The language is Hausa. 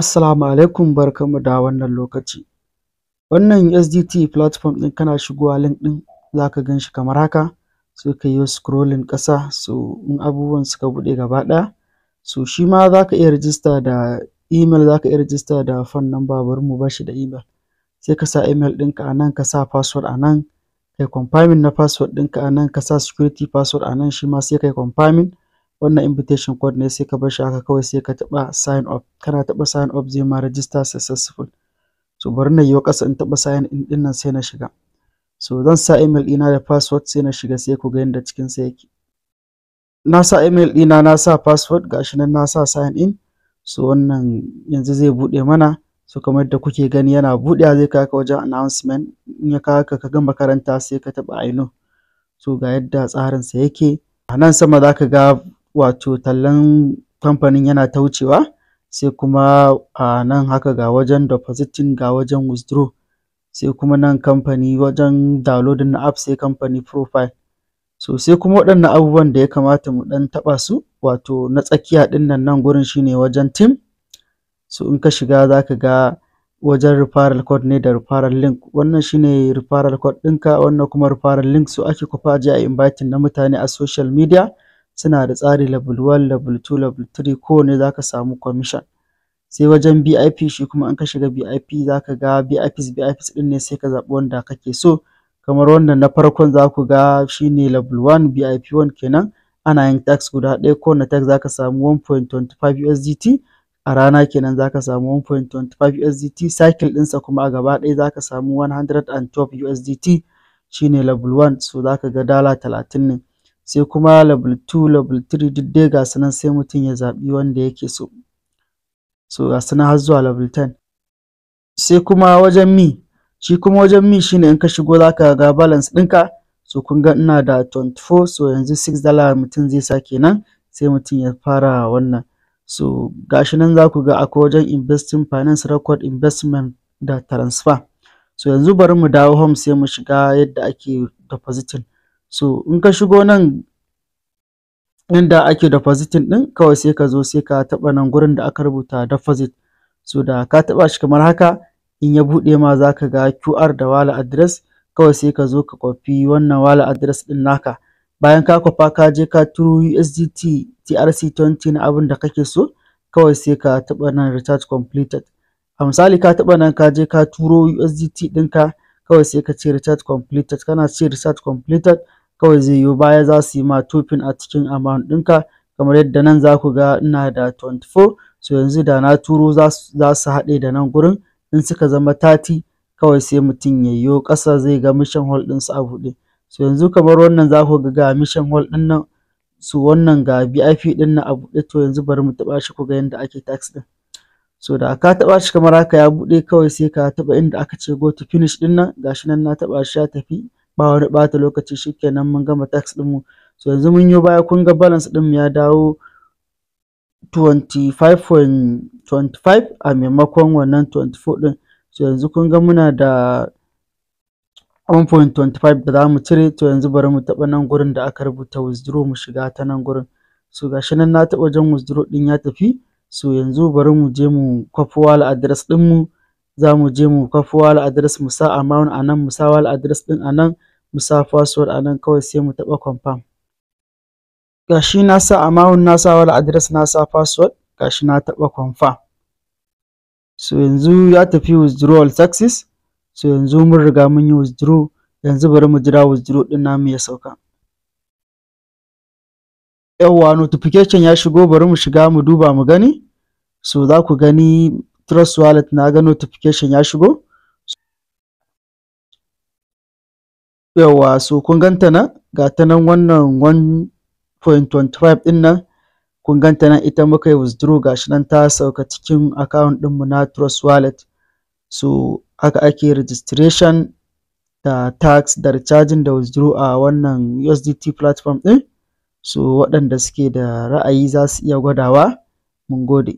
Assalamu alaikum barkamu da wannan lokaci wannan SDT platform ɗin kana shigowa link ɗin za ka gan shi kamar haka so ka yi scrolling ƙasa so in abubuwan suka buɗe gaba ɗaya so shi ma za ka iya rijista da email za ka iya rijista da phone number bari mu bashi da email sai ka sa email ɗinka a nan ka sa password a nan kai confirming na password ɗinka a nan ka sa security password a nan shi ma sai kai confirming wannan invitation code ne sai ka bar shi haka kawai sai ka taɓa sign up kana taɓa sign up zai ma register successful so bari na yi wa ƙasa in taɓa sign in ɗin nan sai na shiga so zan sa email ɗina da password sai na shiga sai ku ga yadda cikin sa yake na sa email ɗina na sa password gashi nan na sa sign in so wannan yanzu zai buɗe mana so kamar da kuke gani yana buɗewa zai kawo ka wajen announcement in ya kawo ka ka makaranta makaranta sai ka taɓa I know so ga yadda tsarin sa yake a nan sama za ka ga wato tallan kamfanin yana ta wucewa sai kuma a nan haka ga wajen depositin ga wajen withdraw sai kuma nan kamfani wajen downloading na app sai kamfani profile so sai kuma waɗannan abubuwan da ya kamata mu ɗan taɓa su wato na tsakiya ɗin nan nan gurin shine wajen team so in ka shiga za ka ga wajen referral code ne da referral link wannan shine referral code ɗinka wannan kuma referral link su ake kwafa a je a inviting na mutane a social media suna da tsari level 1, level 2, level 3 kowanne za ka samu commission. Sai wajen BIP shi kuma an ka shiga BIP za ka ga BIPs BIPs ɗin ne sai ka zaɓi wanda kake so kamar wannan na farkon za ku ga shi ne level 1 BIP 1 kenan ana yin tax guda ɗaya kowane tax za ka samu 1.25 USDT a rana kenan za ka samu 1.25 USDT cycle ɗinsa kuma a gaba ɗaya za ka samu 112 USDT shi ne level 1 so za ka ga dala 30 ne. sai kuma level 2 level 3 duk dai ga su nan sai mutum ya zaɓi wanda yake so so ga su har zuwa level 10 sai kuma wajen mi shi kuma wajen mi shine in ka shigo za ka ga balance ɗinka so kun ga ina da 24 so yanzu 6 dala mutum zai sa kenan sai mutum ya fara wannan so gashi nan za ku ga akwai wajen investing finance record investment da transfer so yanzu bari mu dawo home sai mu shiga yadda ake depositing so in ka shigo nan inda ake depositing ɗin kawai sai ka zo sai ka taɓa nan gurin da aka rubuta deposit so da ka taɓa shi kamar haka in ya buɗe ma za ka ga QR da wallet address kawai sai ka zo ka kwafi wannan wallet address ɗin naka bayan ka kwafa ka je ka turo USDT TRC20 na abin da kake so kawai sai ka taɓa nan recharge completed a misali ka taba nan ka je ka turo USDT ɗinka kawai sai ka ce recharge completed kana ce recharge completed kawai zai yiwu baya za su yi ma tufin a cikin amount ɗinka kamar yadda nan za ku ga ina da 24 so yanzu da na turo za su haɗe da nan gurin in suka zama tati kawai sai mutum ya yiwu. ƙasa zai ga mission hall ɗinsu a buɗe so yanzu kamar wannan za ku ga mission hall ɗin nan su wannan ga VIP ɗin nan a buɗe to yanzu bari mu taɓa shi ku ga yadda ake tax ɗin so da ka taɓa shi kamar haka ya buɗe kawai sai ka taɓa inda aka ce go to finish ɗin nan gashi nan na taɓa shi ya tafi ba wani ɓata lokaci shikenan mun gama tax ɗin mu so yanzu mun yi baya kun ga balance ɗin ya dawo 25.25 a maimakon wannan 24 ɗin so yanzu kun ga muna da 1.25 da za mu cire to yanzu bari mu taɓa nan gurin da aka rubuta withdraw mu shiga ta nan gurin so gashi nan na taɓa wajen withdraw ɗin ya tafi so yanzu bari mu je mu kwafi wal address ɗin mu za mu je mu kwafi wal address mu sa amount a nan mu sa wal address ɗin a nan mu sa password a nan kawai sai mu taɓa confirm gashi na sa amount na sa wala address na sa password gashi na taɓa confirm so yanzu ya tafi withdrawal success so yanzu mun riga mun yi withdraw yanzu bari mu jira withdraw din namu ya sauka yawwa notification ya shigo bari mu shiga mu duba mu gani so za ku gani trust wallet na ga notification ya shigo yawa so kun ganta nan ga ta nan wannan 1.25 din nan kun ganta nan ita muka yi withdraw gashi nan ta sauka cikin account ɗinmu na trust wallet so haka ake registration da tax da recharging da withdraw a wannan USDT platform ɗin so waɗanda suke da ra'ayi za su iya gwadawa mun gode